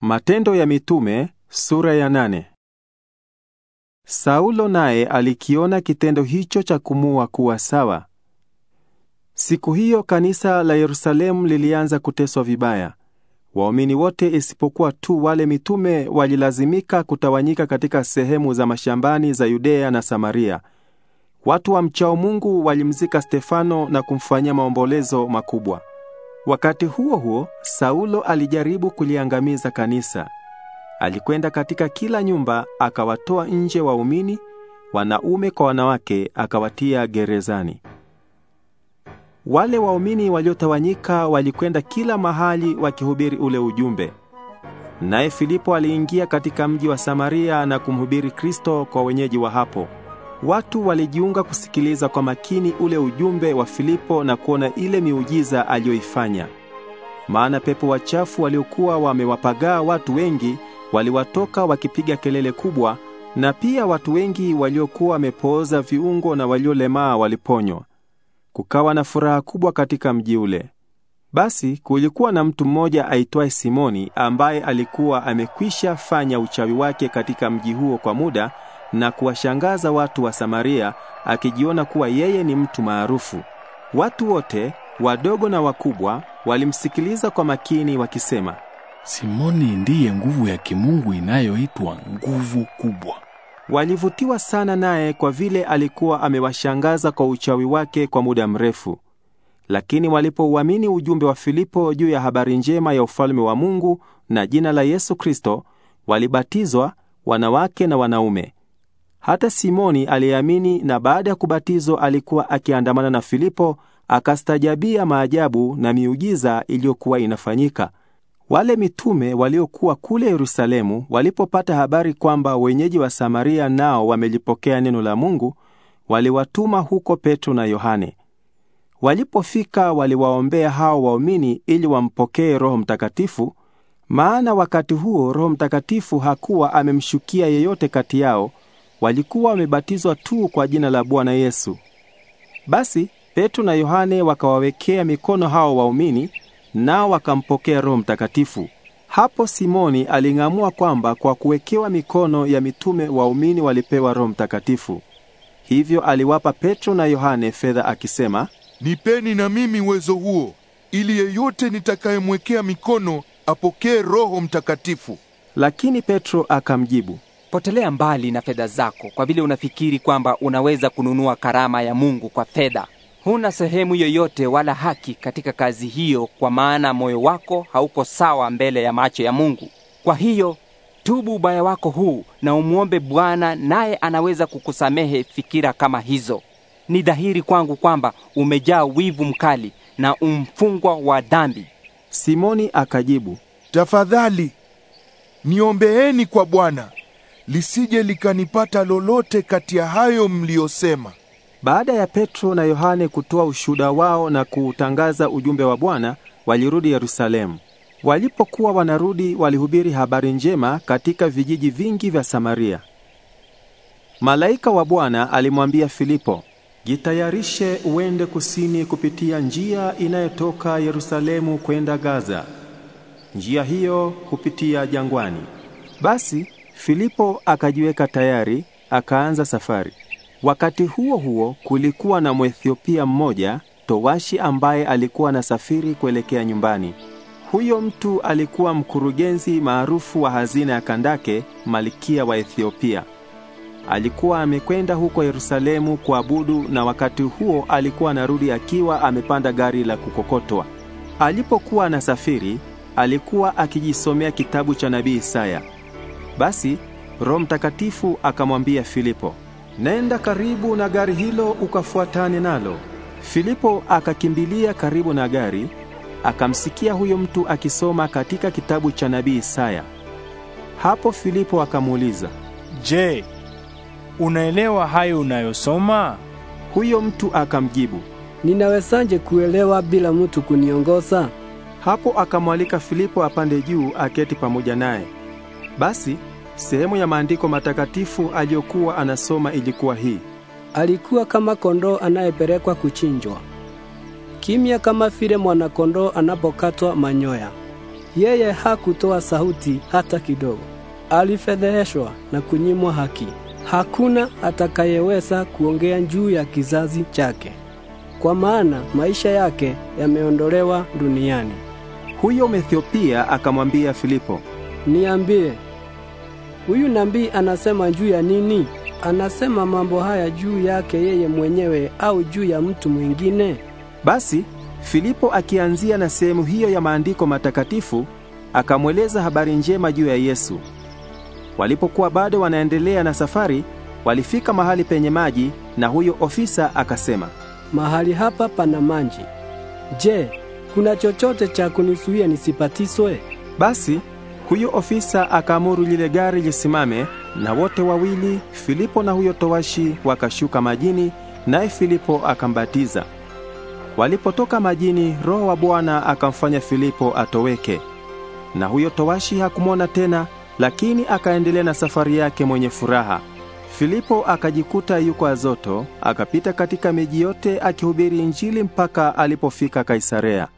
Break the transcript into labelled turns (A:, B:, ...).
A: Matendo ya Mitume sura ya nane. Saulo naye alikiona kitendo hicho cha kumua kuwa sawa. Siku hiyo kanisa la Yerusalemu lilianza kuteswa vibaya. Waumini wote isipokuwa tu wale mitume walilazimika kutawanyika katika sehemu za mashambani za Yudea na Samaria. Watu wa mchao Mungu walimzika Stefano na kumfanyia maombolezo makubwa. Wakati huo huo, Saulo alijaribu kuliangamiza kanisa. Alikwenda katika kila nyumba akawatoa nje waumini, wanaume kwa wanawake, akawatia gerezani. Wale waumini waliotawanyika walikwenda kila mahali wakihubiri ule ujumbe. Naye Filipo aliingia katika mji wa Samaria na kumhubiri Kristo kwa wenyeji wa hapo. Watu walijiunga kusikiliza kwa makini ule ujumbe wa Filipo na kuona ile miujiza aliyoifanya. Maana pepo wachafu waliokuwa wamewapagaa watu wengi waliwatoka wakipiga kelele kubwa, na pia watu wengi waliokuwa wamepooza viungo na waliolemaa waliponywa. Kukawa na furaha kubwa katika mji ule. Basi kulikuwa na mtu mmoja aitwaye Simoni ambaye alikuwa amekwisha fanya uchawi wake katika mji huo kwa muda na kuwashangaza watu wa Samaria akijiona kuwa yeye ni mtu maarufu. Watu wote wadogo na wakubwa walimsikiliza kwa makini wakisema, Simoni ndiye nguvu ya kimungu inayoitwa nguvu kubwa. Walivutiwa sana naye kwa vile alikuwa amewashangaza kwa uchawi wake kwa muda mrefu. Lakini walipouamini ujumbe wa Filipo juu ya habari njema ya ufalme wa Mungu na jina la Yesu Kristo, walibatizwa wanawake na wanaume. Hata Simoni aliyeamini na baada ya kubatizwa alikuwa akiandamana na Filipo, akastajabia maajabu na miujiza iliyokuwa inafanyika. Wale mitume waliokuwa kule Yerusalemu walipopata habari kwamba wenyeji wa Samaria nao wamelipokea neno la Mungu, waliwatuma huko Petro na Yohane. Walipofika waliwaombea hao waumini ili wampokee Roho Mtakatifu, maana wakati huo Roho Mtakatifu hakuwa amemshukia yeyote kati yao, walikuwa wamebatizwa tu kwa jina la Bwana Yesu. Basi Petro na Yohane wakawawekea mikono hao waumini, nao wakampokea Roho Mtakatifu. Hapo Simoni aling'amua kwamba kwa kuwekewa mikono ya mitume waumini walipewa Roho Mtakatifu. Hivyo aliwapa Petro na Yohane fedha akisema, nipeni na mimi uwezo huo ili yeyote nitakayemwekea mikono apokee Roho Mtakatifu. Lakini Petro akamjibu, potelea mbali na fedha zako, kwa vile unafikiri kwamba unaweza kununua karama ya Mungu kwa fedha. Huna sehemu yoyote wala haki katika kazi hiyo, kwa maana moyo wako hauko sawa mbele ya macho ya Mungu. Kwa hiyo tubu ubaya wako huu na umwombe Bwana, naye anaweza kukusamehe fikira kama hizo. Ni dhahiri kwangu kwamba umejaa wivu mkali na umfungwa wa dhambi. Simoni akajibu, tafadhali niombeeni kwa Bwana lisije likanipata lolote kati ya hayo mliyosema. Baada ya Petro na Yohane kutoa ushuhuda wao na kuutangaza ujumbe wa Bwana, walirudi Yerusalemu. Walipokuwa wanarudi, walihubiri habari njema katika vijiji vingi vya Samaria. Malaika wa Bwana alimwambia Filipo, jitayarishe uende kusini kupitia njia inayotoka Yerusalemu kwenda Gaza. Njia hiyo hupitia jangwani. Basi Filipo akajiweka tayari, akaanza safari. Wakati huo huo kulikuwa na Mwethiopia mmoja, towashi ambaye alikuwa anasafiri kuelekea nyumbani. Huyo mtu alikuwa mkurugenzi maarufu wa hazina ya Kandake, malkia wa Ethiopia. Alikuwa amekwenda huko Yerusalemu kuabudu na wakati huo alikuwa anarudi akiwa amepanda gari la kukokotwa. Alipokuwa anasafiri, alikuwa akijisomea kitabu cha nabii Isaya. Basi Roho Mtakatifu akamwambia Filipo, nenda karibu na gari hilo ukafuatane nalo. Filipo akakimbilia karibu na gari, akamsikia huyo mtu akisoma katika kitabu cha nabii Isaya. Hapo Filipo akamuuliza, "Je, unaelewa hayo unayosoma?" Huyo mtu akamjibu, "Ninawezaje kuelewa bila mtu kuniongoza?" Hapo akamwalika Filipo apande juu aketi pamoja naye. Basi sehemu ya maandiko matakatifu aliyokuwa anasoma ilikuwa hii: alikuwa kama kondoo anayepelekwa kuchinjwa, kimya kama vile mwanakondoo anapokatwa manyoya. Yeye hakutoa sauti hata kidogo, alifedheheshwa na kunyimwa haki. Hakuna atakayeweza kuongea juu ya kizazi chake, kwa maana maisha yake yameondolewa duniani. Huyo Methiopia akamwambia Filipo, niambie Huyu nabii anasema juu ya nini? Anasema mambo haya juu yake yeye mwenyewe au juu ya mtu mwingine? Basi Filipo akianzia na sehemu hiyo ya maandiko matakatifu akamweleza habari njema juu ya Yesu. Walipokuwa bado wanaendelea na safari, walifika mahali penye maji na huyo ofisa akasema, "Mahali hapa pana maji. Je, kuna chochote cha kunisuia nisipatiswe?" Basi huyo ofisa akaamuru lile gari lisimame, na wote wawili, Filipo na huyo towashi, wakashuka majini, naye Filipo akambatiza. Walipotoka majini, Roho wa Bwana akamfanya Filipo atoweke, na huyo towashi hakumwona tena, lakini akaendelea na safari yake mwenye furaha. Filipo akajikuta yuko Azoto, akapita katika miji yote akihubiri Injili mpaka alipofika Kaisarea.